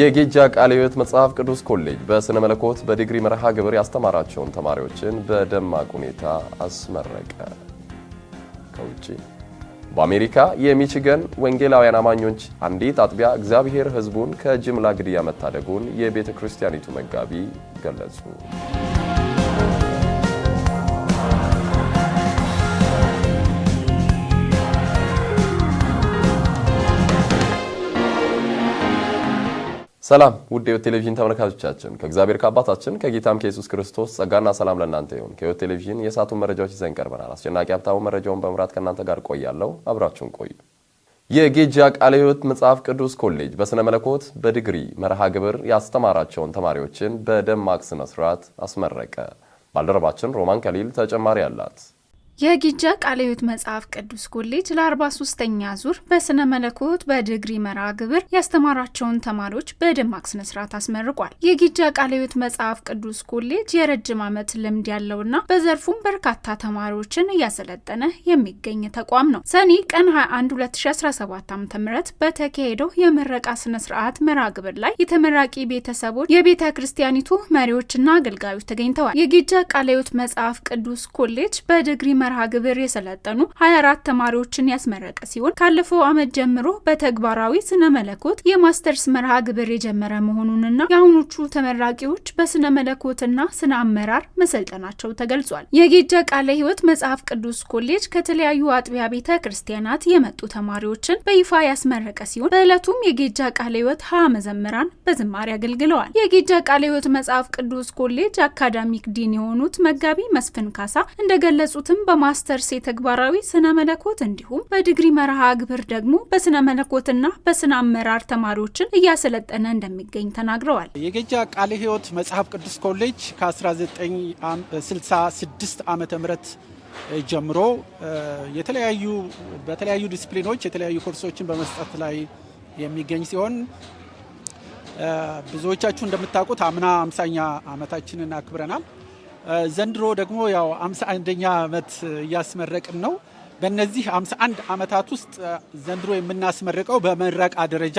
የጌጃ ቃለ ሕይወት መጽሐፍ ቅዱስ ኮሌጅ በሥነ መለኮት በዲግሪ መርሃ ግብር ያስተማራቸውን ተማሪዎችን በደማቅ ሁኔታ አስመረቀ። ከውጭ በአሜሪካ የሚችገን ወንጌላውያን አማኞች አንዲት አጥቢያ እግዚአብሔር ሕዝቡን ከጅምላ ግድያ መታደጉን የቤተ ክርስቲያኒቱ መጋቢ ገለጹ። ሰላም ውድ ሕይወት ቴሌቪዥን ተመልካቾቻችን ከእግዚአብሔር ከአባታችን ከጌታም ከኢየሱስ ክርስቶስ ጸጋና ሰላም ለእናንተ ይሁን። ከሕይወት ቴሌቪዥን የሰዓቱን መረጃዎች ይዘን ቀርበናል። አስጨናቂ ሀብታሙ መረጃውን በመምራት ከእናንተ ጋር ቆያለሁ። አብራችሁን ቆዩ። የጌጃ ቃለ ህይወት መጽሐፍ ቅዱስ ኮሌጅ በሥነ መለኮት በዲግሪ መርሃ ግብር ያስተማራቸውን ተማሪዎችን በደማቅ ስነስርዓት አስመረቀ። ባልደረባችን ሮማን ከሊል ተጨማሪ አላት። የጊጃ ቃለ ሕይወት መጽሐፍ ቅዱስ ኮሌጅ ለ43ኛ ዙር በስነ መለኮት በድግሪ መርሃ ግብር ያስተማራቸውን ተማሪዎች በደማቅ ስነ ስርዓት አስመርቋል። የጊጃ ቃለ ሕይወት መጽሐፍ ቅዱስ ኮሌጅ የረጅም ዓመት ልምድ ያለውና በዘርፉም በርካታ ተማሪዎችን እያሰለጠነ የሚገኝ ተቋም ነው። ሰኔ ቀን 21 2017 ዓ ም በተካሄደው የምረቃ ስነ ስርዓት መርሃ ግብር ላይ የተመራቂ ቤተሰቦች፣ የቤተ ክርስቲያኒቱ መሪዎችና አገልጋዮች ተገኝተዋል። የጊጃ ቃለ ሕይወት መጽሐፍ ቅዱስ ኮሌጅ መ መርሃ ግብር የሰለጠኑ 24 ተማሪዎችን ያስመረቀ ሲሆን ካለፈው ዓመት ጀምሮ በተግባራዊ ስነ መለኮት የማስተርስ መርሃ ግብር የጀመረ መሆኑንና የአሁኖቹ ተመራቂዎች በስነ መለኮትና ስነ አመራር መሰልጠናቸው ተገልጿል። የጌጃ ቃለ ሕይወት መጽሐፍ ቅዱስ ኮሌጅ ከተለያዩ አጥቢያ ቤተ ክርስቲያናት የመጡ ተማሪዎችን በይፋ ያስመረቀ ሲሆን በዕለቱም የጌጃ ቃለ ሕይወት ሀ መዘምራን በዝማሬ አገልግለዋል። የጌጃ ቃለ ሕይወት መጽሐፍ ቅዱስ ኮሌጅ አካዳሚክ ዲን የሆኑት መጋቢ መስፍን ካሳ እንደገለጹትም በ በማስተርስ የተግባራዊ ስነ መለኮት እንዲሁም በዲግሪ መርሃ ግብር ደግሞ በስነ መለኮትና በስነ አመራር ተማሪዎችን እያሰለጠነ እንደሚገኝ ተናግረዋል። የገጃ ቃለ ሕይወት መጽሐፍ ቅዱስ ኮሌጅ ከ1966 ዓ ም ጀምሮ የተለያዩ በተለያዩ ዲስፕሊኖች የተለያዩ ኮርሶችን በመስጠት ላይ የሚገኝ ሲሆን ብዙዎቻችሁ እንደምታውቁት አምና አምሳኛ ዓመታችንን አክብረናል። ዘንድሮ ደግሞ ያው 51ኛ ዓመት እያስመረቅን ነው። በእነዚህ 51 ዓመታት ውስጥ ዘንድሮ የምናስመርቀው በምረቃ ደረጃ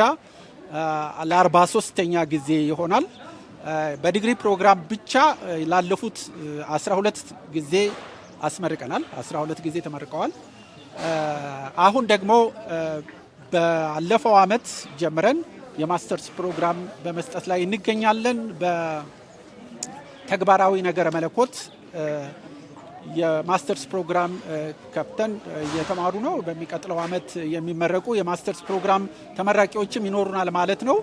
ለ43ኛ ጊዜ ይሆናል። በዲግሪ ፕሮግራም ብቻ ላለፉት 12 ጊዜ አስመርቀናል። 12 ጊዜ ተመርቀዋል። አሁን ደግሞ ባለፈው ዓመት ጀምረን የማስተርስ ፕሮግራም በመስጠት ላይ እንገኛለን። ተግባራዊ ነገረ መለኮት የማስተርስ ፕሮግራም ከፍተን እየተማሩ ነው። በሚቀጥለው ዓመት የሚመረቁ የማስተርስ ፕሮግራም ተመራቂዎችም ይኖሩናል ማለት ነው።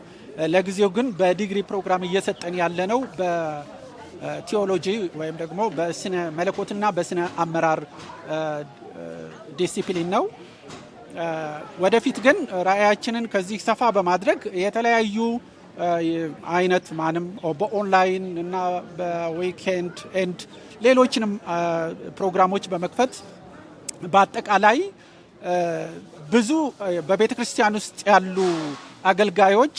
ለጊዜው ግን በዲግሪ ፕሮግራም እየሰጠን ያለነው በቲዎሎጂ ወይም ደግሞ በስነ መለኮትና በስነ አመራር ዲሲፕሊን ነው። ወደፊት ግን ራዕያችንን ከዚህ ሰፋ በማድረግ የተለያዩ አይነት ማንም በኦንላይን እና በዊኬንድ ኤንድ ሌሎችንም ፕሮግራሞች በመክፈት በአጠቃላይ ብዙ በቤተ ክርስቲያን ውስጥ ያሉ አገልጋዮች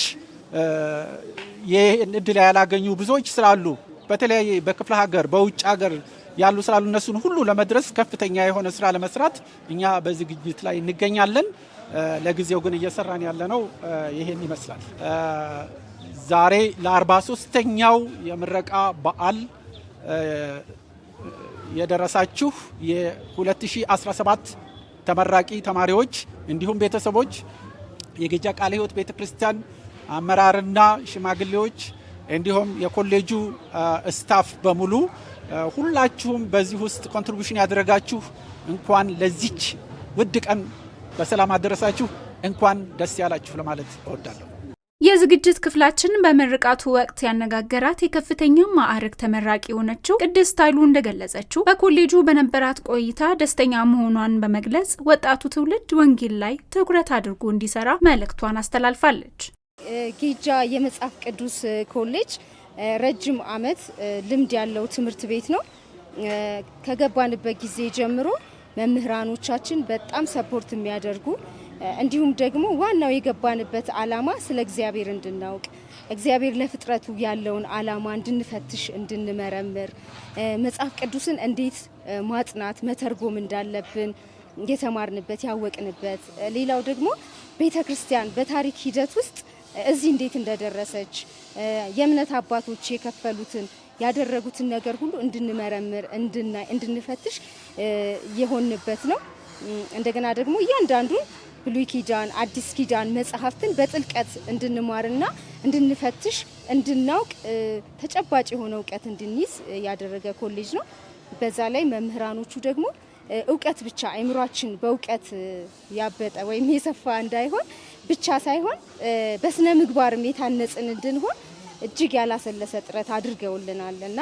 ይህን እድል ያላገኙ ብዙዎች ስላሉ በተለያየ በክፍለ ሀገር በውጭ ሀገር ያሉ ስላሉ እነሱን ሁሉ ለመድረስ ከፍተኛ የሆነ ስራ ለመስራት እኛ በዝግጅት ላይ እንገኛለን። ለጊዜው ግን እየሰራን ያለነው ይህን ይመስላል። ዛሬ ለ43ኛው የምረቃ በዓል የደረሳችሁ የ2017 ተመራቂ ተማሪዎች እንዲሁም ቤተሰቦች፣ የግጃ ቃለ ሕይወት ቤተ ክርስቲያን አመራርና ሽማግሌዎች እንዲሁም የኮሌጁ ስታፍ በሙሉ ሁላችሁም በዚህ ውስጥ ኮንትሪቢሽን ያደረጋችሁ እንኳን ለዚች ውድ ቀን በሰላም አደረሳችሁ፣ እንኳን ደስ ያላችሁ ለማለት እወዳለሁ። የዝግጅት ክፍላችን በምርቃቱ ወቅት ያነጋገራት የከፍተኛ ማዕረግ ተመራቂ የሆነችው ቅድስት ኃይሉ እንደገለጸችው በኮሌጁ በነበራት ቆይታ ደስተኛ መሆኗን በመግለጽ ወጣቱ ትውልድ ወንጌል ላይ ትኩረት አድርጎ እንዲሰራ መልእክቷን አስተላልፋለች። ጌጃ የመጽሐፍ ቅዱስ ኮሌጅ ረጅም ዓመት ልምድ ያለው ትምህርት ቤት ነው። ከገባንበት ጊዜ ጀምሮ መምህራኖቻችን በጣም ሰፖርት የሚያደርጉ እንዲሁም ደግሞ ዋናው የገባንበት ዓላማ ስለ እግዚአብሔር እንድናውቅ እግዚአብሔር ለፍጥረቱ ያለውን ዓላማ እንድንፈትሽ፣ እንድንመረምር መጽሐፍ ቅዱስን እንዴት ማጥናት መተርጎም እንዳለብን የተማርንበት ያወቅንበት። ሌላው ደግሞ ቤተ ክርስቲያን በታሪክ ሂደት ውስጥ እዚህ እንዴት እንደደረሰች የእምነት አባቶች የከፈሉትን ያደረጉትን ነገር ሁሉ እንድንመረምር፣ እንድናይ፣ እንድንፈትሽ የሆንበት ነው። እንደገና ደግሞ እያንዳንዱን ብሉይ ኪዳን፣ አዲስ ኪዳን መጽሐፍትን በጥልቀት እንድንማርና እንድንፈትሽ፣ እንድናውቅ ተጨባጭ የሆነ እውቀት እንድንይዝ ያደረገ ኮሌጅ ነው። በዛ ላይ መምህራኖቹ ደግሞ እውቀት ብቻ አይምሯችን በእውቀት ያበጠ ወይም የሰፋ እንዳይሆን ብቻ ሳይሆን በስነ ምግባርም የታነጽን እንድንሆን እጅግ ያላሰለሰ ጥረት አድርገውልናል እና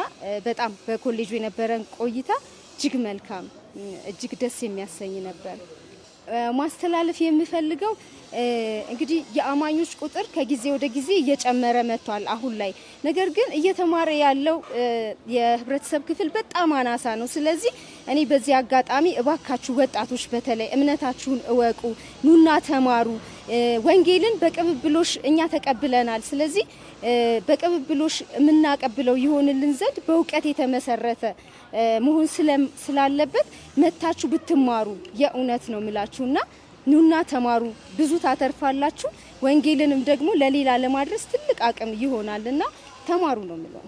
በጣም በኮሌጁ የነበረን ቆይታ እጅግ መልካም እጅግ ደስ የሚያሰኝ ነበር። ማስተላለፍ የምፈልገው እንግዲህ የአማኞች ቁጥር ከጊዜ ወደ ጊዜ እየጨመረ መጥቷል አሁን ላይ። ነገር ግን እየተማረ ያለው የህብረተሰብ ክፍል በጣም አናሳ ነው። ስለዚህ እኔ በዚህ አጋጣሚ እባካችሁ ወጣቶች በተለይ እምነታችሁን እወቁ፣ ኑና ተማሩ ወንጌልን በቅብብሎሽ እኛ ተቀብለናል። ስለዚህ በቅብብሎሽ የምናቀብለው ይሆንልን ዘንድ በእውቀት የተመሰረተ መሆን ስላለበት መታችሁ ብትማሩ የእውነት ነው ምላችሁና ኑና ተማሩ፣ ብዙ ታተርፋላችሁ። ወንጌልንም ደግሞ ለሌላ ለማድረስ ትልቅ አቅም ይሆናልና ተማሩ ነው ምለው።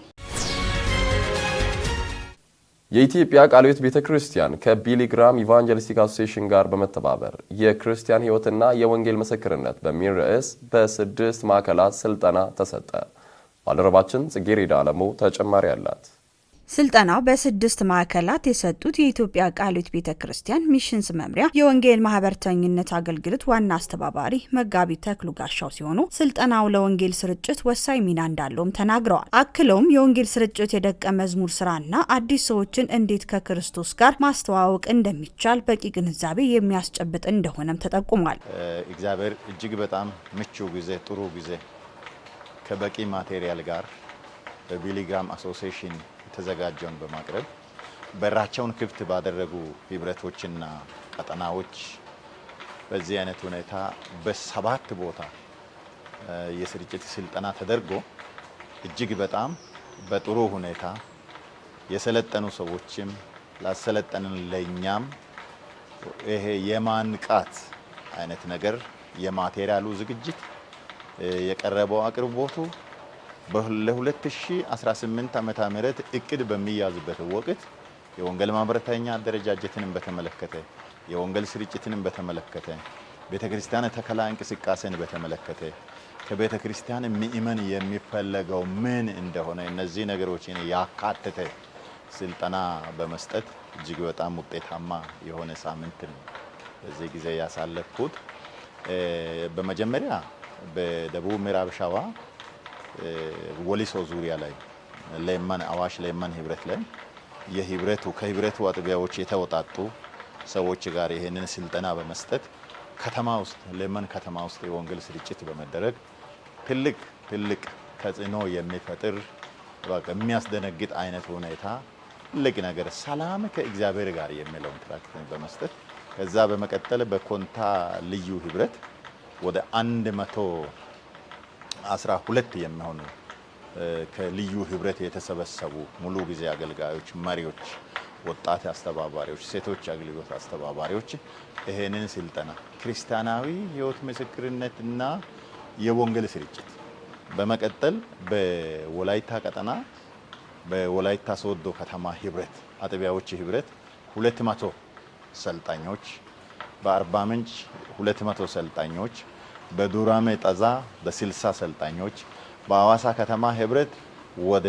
የኢትዮጵያ ቃለ ሕይወት ቤተ ክርስቲያን ከቢሊግራም ኢቫንጀሊስቲክ አሶሴሽን ጋር በመተባበር የክርስቲያን ሕይወትና የወንጌል ምስክርነት በሚል ርዕስ በስድስት ማዕከላት ስልጠና ተሰጠ። ባልደረባችን ጽጌሬዳ አለሙ ተጨማሪ አላት። ስልጠናው በስድስት ማዕከላት የሰጡት የኢትዮጵያ ቃሊት ቤተ ክርስቲያን ሚሽንስ መምሪያ የወንጌል ማህበርተኝነት አገልግሎት ዋና አስተባባሪ መጋቢ ተክሉ ጋሻው ሲሆኑ ስልጠናው ለወንጌል ስርጭት ወሳኝ ሚና እንዳለውም ተናግረዋል። አክለውም የወንጌል ስርጭት የደቀ መዝሙር ስራና አዲስ ሰዎችን እንዴት ከክርስቶስ ጋር ማስተዋወቅ እንደሚቻል በቂ ግንዛቤ የሚያስጨብጥ እንደሆነም ተጠቁሟል። እግዚአብሔር እጅግ በጣም ምቹ ጊዜ፣ ጥሩ ጊዜ ከበቂ ማቴሪያል ጋር በቢሊግራም አሶሲሽን የተዘጋጀውን በማቅረብ በራቸውን ክፍት ባደረጉ ህብረቶችና ቀጠናዎች በዚህ አይነት ሁኔታ በሰባት ቦታ የስርጭት ስልጠና ተደርጎ እጅግ በጣም በጥሩ ሁኔታ የሰለጠኑ ሰዎችም ላሰለጠንን ለእኛም ይሄ የማንቃት አይነት ነገር የማቴሪያሉ ዝግጅት የቀረበው አቅርቦቱ ለ2018 ዓመተ ምህረት እቅድ በሚያዝበት ወቅት የወንጌል ማህበረተኛ አደረጃጀትንም በተመለከተ የወንጌል ስርጭትንም በተመለከተ ቤተ ክርስቲያን ተከላ እንቅስቃሴን በተመለከተ ከቤተ ክርስቲያን ምእመን የሚፈለገው ምን እንደሆነ እነዚህ ነገሮችን ያካተተ ስልጠና በመስጠት እጅግ በጣም ውጤታማ የሆነ ሳምንት ነው በዚህ ጊዜ ያሳለፍኩት። በመጀመሪያ በደቡብ ምዕራብ ሸዋ ወሊሶ ዙሪያ ላይ ለማን አዋሽ ለማን ህብረት ላይ የህብረቱ ከህብረቱ አጥቢያዎች የተወጣጡ ሰዎች ጋር ይህንን ስልጠና በመስጠት ከተማ ውስጥ ለማን ከተማ ውስጥ የወንጌል ስርጭት በመደረግ ትልቅ ትልቅ ተጽዕኖ የሚፈጥር በቃ የሚያስደነግጥ አይነት ሁኔታ ትልቅ ነገር ሰላም ከእግዚአብሔር ጋር የሚለውን ትራክት በመስጠት ከዛ በመቀጠል በኮንታ ልዩ ህብረት ወደ አንድ መቶ አስራ ሁለት የሚሆኑ ከልዩ ህብረት የተሰበሰቡ ሙሉ ጊዜ አገልጋዮች፣ መሪዎች፣ ወጣት አስተባባሪዎች፣ ሴቶች አገልግሎት አስተባባሪዎች ይሄንን ስልጠና ክርስቲያናዊ ህይወት ምስክርነት እና የወንጌል ስርጭት በመቀጠል በወላይታ ቀጠና በወላይታ ሶዶ ከተማ ህብረት አጥቢያዎች ህብረት መቶ ሰልጣኞች በአርባ ምንጭ መቶ ሰልጣኞች በዱራሜ ጠዛ በ60 ሰልጣኞች በአዋሳ ከተማ ህብረት ወደ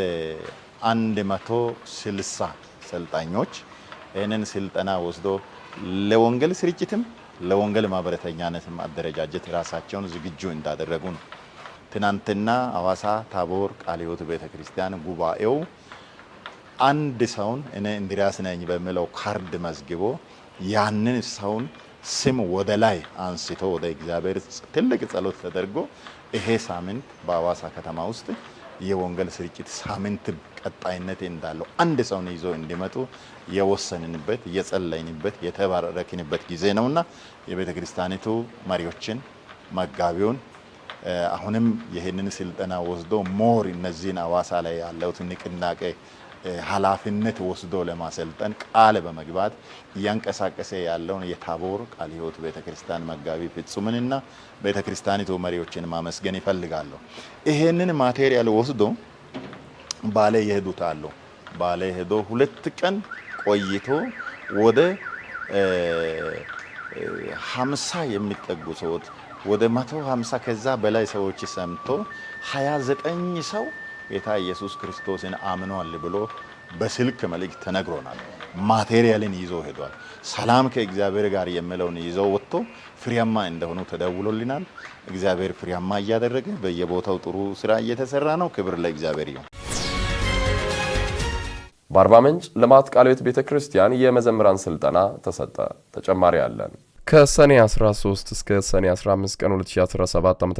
160 ሰልጣኞች ይህንን ስልጠና ወስዶ ለወንጌል ስርጭትም ለወንጌል ማህበረተኛነትም አደረጃጀት ራሳቸውን ዝግጁ እንዳደረጉ ነው። ትናንትና አዋሳ ታቦር ቃለ ሕይወት ቤተ ክርስቲያን ጉባኤው አንድ ሰውን እኔ እንድሪያስ ነኝ በሚለው ካርድ መዝግቦ ያንን ሰውን ስም ወደ ላይ አንስቶ ወደ እግዚአብሔር ትልቅ ጸሎት ተደርጎ ይሄ ሳምንት በአዋሳ ከተማ ውስጥ የወንጌል ስርጭት ሳምንት ቀጣይነት እንዳለው አንድ ሰውን ይዞ እንዲመጡ የወሰንንበት የጸለይንበት የተባረክንበት ጊዜ ነውና የቤተ ክርስቲያኒቱ መሪዎችን መጋቢውን አሁንም ይህንን ስልጠና ወስዶ ሞር እነዚህን አዋሳ ላይ ያለውት ንቅናቄ ኃላፊነት ወስዶ ለማሰልጠን ቃል በመግባት እያንቀሳቀሰ ያለውን የታቦር ቃለ ሕይወት ቤተክርስቲያን መጋቢ ፍጹምንና ቤተክርስቲያኒቱ መሪዎችን ማመስገን ይፈልጋለሁ። ይሄንን ማቴሪያል ወስዶ ባሌ የሄዱት አሉ። ባሌ ሄዶ ሁለት ቀን ቆይቶ ወደ ሀምሳ የሚጠጉ ሰዎች ወደ መቶ ሀምሳ ከዛ በላይ ሰዎች ሰምቶ ሀያ ዘጠኝ ሰው ጌታ ኢየሱስ ክርስቶስን አምኗል ብሎ በስልክ መልእክት ተነግሮናል። ማቴሪያልን ይዞ ሄዷል። ሰላም ከእግዚአብሔር ጋር የምለውን ይዞ ወጥቶ ፍሬያማ እንደሆኑ ተደውሎልናል። እግዚአብሔር ፍሬያማ እያደረገ በየቦታው ጥሩ ስራ እየተሰራ ነው። ክብር ለእግዚአብሔር ይሁን። በአርባ ምንጭ ልማት ቃለ ሕይወት ቤተ ክርስቲያን የመዘምራን ስልጠና ተሰጠ። ተጨማሪ አለን። ከሰኔ 13 እስከ ሰኔ 15 ቀን 2017 ዓ.ም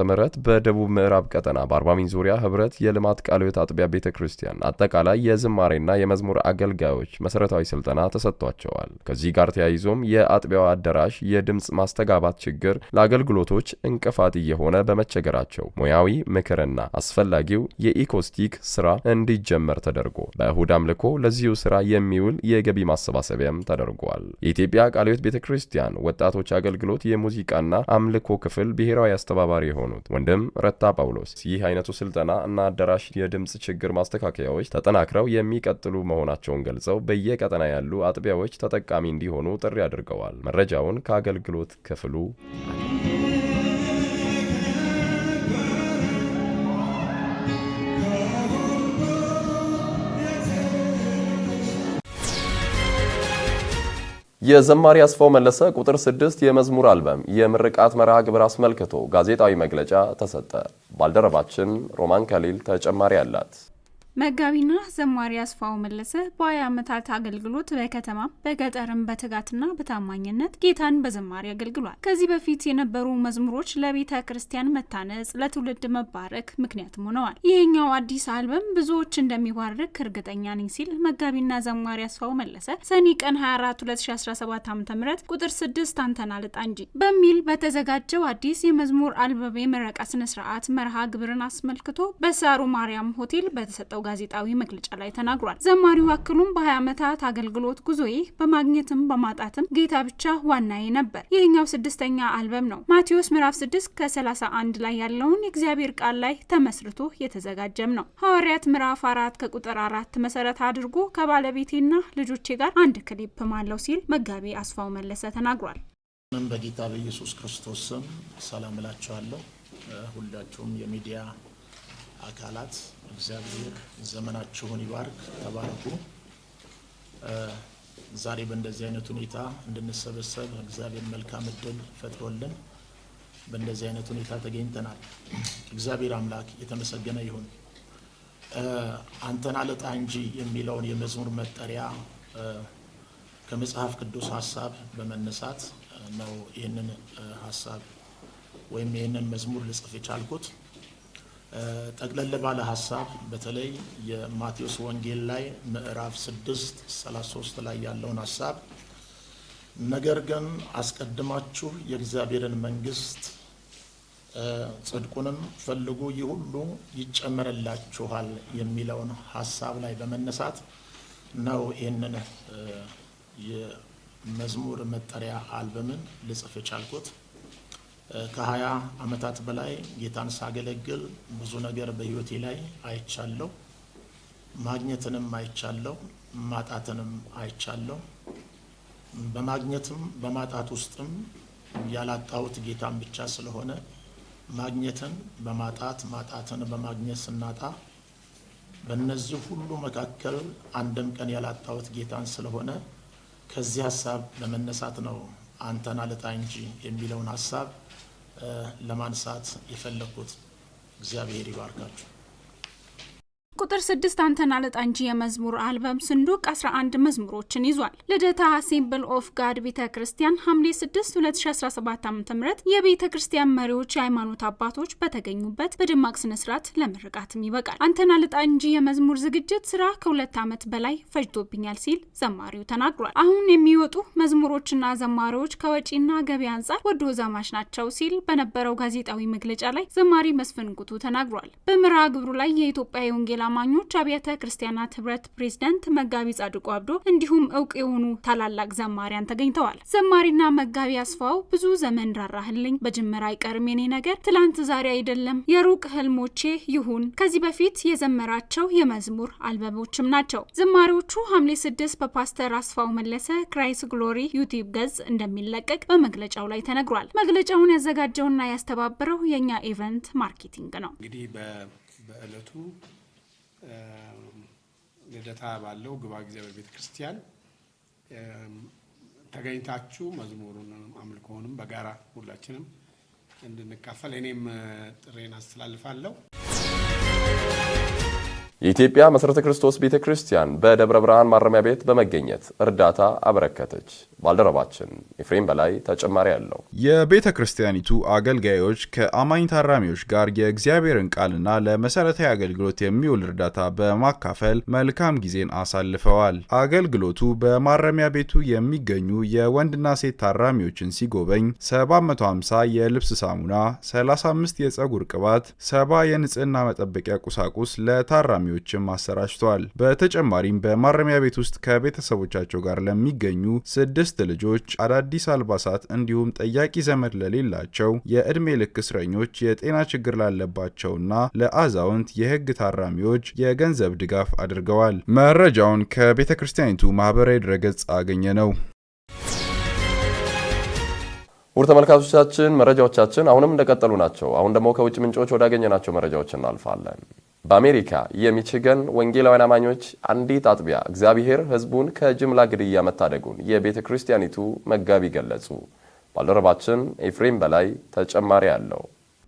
በደቡብ ምዕራብ ቀጠና በአርባ ምንጭ ዙሪያ ህብረት የልማት ቃለ ሕይወት አጥቢያ ቤተ ክርስቲያን አጠቃላይ የዝማሬና የመዝሙር አገልጋዮች መሰረታዊ ስልጠና ተሰጥቷቸዋል። ከዚህ ጋር ተያይዞም የአጥቢያው አዳራሽ የድምፅ ማስተጋባት ችግር ለአገልግሎቶች እንቅፋት እየሆነ በመቸገራቸው ሙያዊ ምክርና አስፈላጊው የኢኮስቲክ ስራ እንዲጀመር ተደርጎ በእሁድ አምልኮ ለዚሁ ስራ የሚውል የገቢ ማሰባሰቢያም ተደርጓል። የኢትዮጵያ ቃለ ሕይወት ቤተ ክርስቲያን ወጣቶ ወጣቶች አገልግሎት የሙዚቃና አምልኮ ክፍል ብሔራዊ አስተባባሪ የሆኑት ወንድም ረታ ጳውሎስ ይህ አይነቱ ስልጠና እና አዳራሽ የድምፅ ችግር ማስተካከያዎች ተጠናክረው የሚቀጥሉ መሆናቸውን ገልጸው በየቀጠና ያሉ አጥቢያዎች ተጠቃሚ እንዲሆኑ ጥሪ አድርገዋል። መረጃውን ከአገልግሎት ክፍሉ የዘማሪ አስፋው መለሰ ቁጥር ስድስት የመዝሙር አልበም የምርቃት መርሃ ግብር አስመልክቶ ጋዜጣዊ መግለጫ ተሰጠ። ባልደረባችን ሮማን ከሊል ተጨማሪ አላት። መጋቢና ዘማሪ አስፋው መለሰ በሀያ ዓመታት አገልግሎት በከተማ በገጠርም በትጋትና በታማኝነት ጌታን በዘማሪ አገልግሏል። ከዚህ በፊት የነበሩ መዝሙሮች ለቤተ ክርስቲያን መታነጽ፣ ለትውልድ መባረክ ምክንያትም ሆነዋል። ይሄኛው አዲስ አልበም ብዙዎች እንደሚባርክ እርግጠኛ ነኝ ሲል መጋቢና ዘማሪ አስፋው መለሰ ሰኔ ቀን 24 2017 ዓ.ም ቁጥር 6 አንተና ልጣ እንጂ በሚል በተዘጋጀው አዲስ የመዝሙር አልበም የምረቃ ስነስርዓት መርሃ ግብርን አስመልክቶ በሳሩ ማርያም ሆቴል በተሰጠው በሰጠው ጋዜጣዊ መግለጫ ላይ ተናግሯል። ዘማሪው አክሉም በ20 ዓመታት አገልግሎት ጉዞዬ በማግኘትም በማጣትም ጌታ ብቻ ዋናዬ ነበር። ይህኛው ስድስተኛ አልበም ነው። ማቴዎስ ምዕራፍ 6 ከ31 ላይ ያለውን የእግዚአብሔር ቃል ላይ ተመስርቶ የተዘጋጀም ነው። ሐዋርያት ምዕራፍ አራት ከቁጥር አራት መሰረት አድርጎ ከባለቤቴና ልጆቼ ጋር አንድ ክሊፕም አለው ሲል መጋቢ አስፋው መለሰ ተናግሯል። በጌታ በኢየሱስ ክርስቶስ ስም ሰላም እላችኋለሁ። ሁላችሁም የሚዲያ አካላት እግዚአብሔር ዘመናችሁን ይባርክ። ተባረኩ። ዛሬ በእንደዚህ አይነት ሁኔታ እንድንሰበሰብ እግዚአብሔር መልካም እድል ፈጥሮልን በእንደዚህ አይነት ሁኔታ ተገኝተናል። እግዚአብሔር አምላክ የተመሰገነ ይሁን። አንተን አለጣ እንጂ የሚለውን የመዝሙር መጠሪያ ከመጽሐፍ ቅዱስ ሀሳብ በመነሳት ነው ይህንን ሀሳብ ወይም ይህንን መዝሙር ልጽፍ የቻልኩት። ጠቅለል ባለ ሀሳብ በተለይ የማቴዎስ ወንጌል ላይ ምዕራፍ 6 33 ላይ ያለውን ሀሳብ ነገር ግን አስቀድማችሁ የእግዚአብሔርን መንግስት ጽድቁንም ፈልጉ ይህ ሁሉ ይጨመርላችኋል የሚለውን ሀሳብ ላይ በመነሳት ነው ይህንን የመዝሙር መጠሪያ አልበምን ልጽፍ የቻልኩት። ከሀያ አመታት በላይ ጌታን ሳገለግል ብዙ ነገር በህይወቴ ላይ አይቻለሁ። ማግኘትንም አይቻለሁ፣ ማጣትንም አይቻለሁ። በማግኘትም በማጣት ውስጥም ያላጣሁት ጌታን ብቻ ስለሆነ ማግኘትን በማጣት ማጣትን በማግኘት ስናጣ በእነዚህ ሁሉ መካከል አንድም ቀን ያላጣሁት ጌታን ስለሆነ ከዚህ ሀሳብ ለመነሳት ነው አንተና ለጣ እንጂ የሚለውን ሀሳብ ለማንሳት የፈለግኩት። እግዚአብሔር ይባርካችሁ። ቁጥር ስድስት አንተን ለጣንጂ የመዝሙር አልበም ስንዱቅ 11 መዝሙሮችን ይዟል። ልደታ ሲምብል ኦፍ ጋድ ቤተ ክርስቲያን ሐምሌ 6 2017 ዓ ም የቤተ ክርስቲያን መሪዎች፣ የሃይማኖት አባቶች በተገኙበት በደማቅ ስነስርዓት ለምርቃትም ይበቃል። አንተን አለጣ የመዝሙር ዝግጅት ስራ ከሁለት ዓመት በላይ ፈጅቶብኛል ሲል ዘማሪው ተናግሯል። አሁን የሚወጡ መዝሙሮችና ዘማሪዎች ከወጪና ገቢ አንጻር ወዶ ዘማች ናቸው ሲል በነበረው ጋዜጣዊ መግለጫ ላይ ዘማሪ መስፍን ጉቱ ተናግሯል። በምራ ግብሩ ላይ የኢትዮጵያ የወንጌላ አማኞች አብያተ ክርስቲያናት ህብረት ፕሬዝዳንት መጋቢ ጻድቁ አብዶ እንዲሁም እውቅ የሆኑ ታላላቅ ዘማሪያን ተገኝተዋል። ዘማሪና መጋቢ አስፋው ብዙ ዘመን ራራህልኝ፣ በጅምር አይቀርም የኔ ነገር፣ ትላንት ዛሬ አይደለም፣ የሩቅ ህልሞቼ ይሁን ከዚህ በፊት የዘመራቸው የመዝሙር አልበሞችም ናቸው። ዘማሪዎቹ ሐምሌ ስድስት በፓስተር አስፋው መለሰ ክራይስ ግሎሪ ዩቲዩብ ገጽ እንደሚለቀቅ በመግለጫው ላይ ተነግሯል። መግለጫውን ያዘጋጀውና ያስተባበረው የእኛ ኢቨንት ማርኬቲንግ ነው። እንግዲህ በእለቱ ልደታ ባለው ግባ እግዚአብሔር ቤተ ክርስቲያን ተገኝታችሁ መዝሙሩን አምልኮውንም በጋራ ሁላችንም እንድንካፈል እኔም ጥሬን አስተላልፋለሁ። የኢትዮጵያ መሠረተ ክርስቶስ ቤተ ክርስቲያን በደብረ ብርሃን ማረሚያ ቤት በመገኘት እርዳታ አበረከተች። ባልደረባችን ኤፍሬም በላይ ተጨማሪ አለው። የቤተ ክርስቲያኒቱ አገልጋዮች ከአማኝ ታራሚዎች ጋር የእግዚአብሔርን ቃልና ለመሠረታዊ አገልግሎት የሚውል እርዳታ በማካፈል መልካም ጊዜን አሳልፈዋል። አገልግሎቱ በማረሚያ ቤቱ የሚገኙ የወንድና ሴት ታራሚዎችን ሲጎበኝ 750 የልብስ ሳሙና፣ 35 የፀጉር ቅባት፣ 70 የንጽህና መጠበቂያ ቁሳቁስ ለታራሚ ታራሚዎችም አሰራጭቷል። በተጨማሪም በማረሚያ ቤት ውስጥ ከቤተሰቦቻቸው ጋር ለሚገኙ ስድስት ልጆች አዳዲስ አልባሳት እንዲሁም ጠያቂ ዘመድ ለሌላቸው የእድሜ ልክ እስረኞች፣ የጤና ችግር ላለባቸውና ለአዛውንት የህግ ታራሚዎች የገንዘብ ድጋፍ አድርገዋል። መረጃውን ከቤተ ክርስቲያኒቱ ማህበራዊ ድረገጽ አገኘ ነው። ውድ ተመልካቾቻችን መረጃዎቻችን አሁንም እንደቀጠሉ ናቸው። አሁን ደግሞ ከውጭ ምንጮች ወዳገኘናቸው መረጃዎች እናልፋለን። በአሜሪካ የሚችገን ወንጌላውያን አማኞች አንዲት አጥቢያ እግዚአብሔር ሕዝቡን ከጅምላ ግድያ መታደጉን የቤተ ክርስቲያኒቱ መጋቢ ገለጹ። ባልደረባችን ኤፍሬም በላይ ተጨማሪ አለው።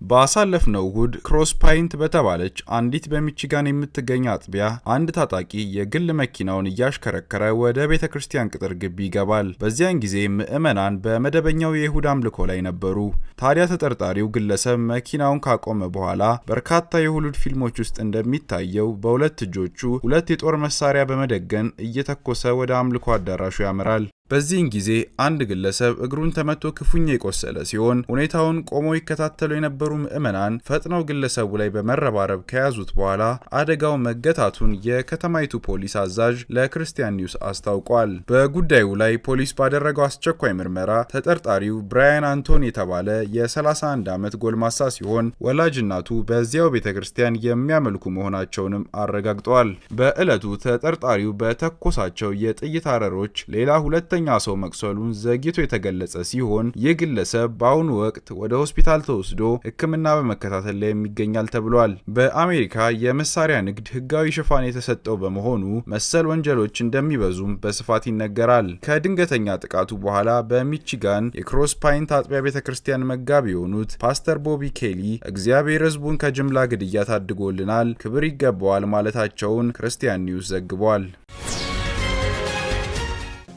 ባሳለፍነው እሁድ ክሮስ ፓይንት በተባለች አንዲት በሚችጋን የምትገኝ አጥቢያ አንድ ታጣቂ የግል መኪናውን እያሽከረከረ ወደ ቤተ ክርስቲያን ቅጥር ግቢ ይገባል። በዚያን ጊዜ ምዕመናን በመደበኛው የይሁድ አምልኮ ላይ ነበሩ። ታዲያ ተጠርጣሪው ግለሰብ መኪናውን ካቆመ በኋላ በርካታ የሆሊውድ ፊልሞች ውስጥ እንደሚታየው በሁለት እጆቹ ሁለት የጦር መሳሪያ በመደገን እየተኮሰ ወደ አምልኮ አዳራሹ ያመራል። በዚህን ጊዜ አንድ ግለሰብ እግሩን ተመቶ ክፉኛ የቆሰለ ሲሆን ሁኔታውን ቆመው ይከታተሉ የነበሩ ምዕመናን ፈጥነው ግለሰቡ ላይ በመረባረብ ከያዙት በኋላ አደጋው መገታቱን የከተማይቱ ፖሊስ አዛዥ ለክርስቲያን ኒውስ አስታውቋል። በጉዳዩ ላይ ፖሊስ ባደረገው አስቸኳይ ምርመራ ተጠርጣሪው ብራያን አንቶን የተባለ የ31 ዓመት ጎልማሳ ሲሆን ወላጅናቱ በዚያው ቤተ ክርስቲያን የሚያመልኩ መሆናቸውንም አረጋግጠዋል። በዕለቱ ተጠርጣሪው በተኮሳቸው የጥይት አረሮች ሌላ ሁለተኛ ሶስተኛ ሰው መቁሰሉን ዘግይቶ የተገለጸ ሲሆን ይህ ግለሰብ በአሁኑ ወቅት ወደ ሆስፒታል ተወስዶ ሕክምና በመከታተል ላይ ይገኛል ተብሏል። በአሜሪካ የመሳሪያ ንግድ ህጋዊ ሽፋን የተሰጠው በመሆኑ መሰል ወንጀሎች እንደሚበዙም በስፋት ይነገራል። ከድንገተኛ ጥቃቱ በኋላ በሚቺጋን የክሮስ ፓይን አጥቢያ ቤተ ክርስቲያን መጋቢ የሆኑት ፓስተር ቦቢ ኬሊ እግዚአብሔር ህዝቡን ከጅምላ ግድያ ታድጎልናል፣ ክብር ይገባዋል ማለታቸውን ክርስቲያን ኒውስ ዘግቧል።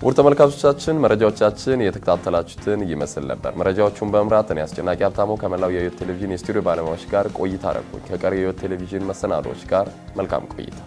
ውድ ተመልካቾቻችን መረጃዎቻችን የተከታተላችሁትን ይመስል ነበር። መረጃዎቹን በመምራት እኔ አስጨናቂ ሀብታሙ ከመላው የህይወት ቴሌቪዥን የስቱዲዮ ባለሙያዎች ጋር ቆይታ አረኩኝ። ከቀሪ የህይወት ቴሌቪዥን መሰናዶዎች ጋር መልካም ቆይታ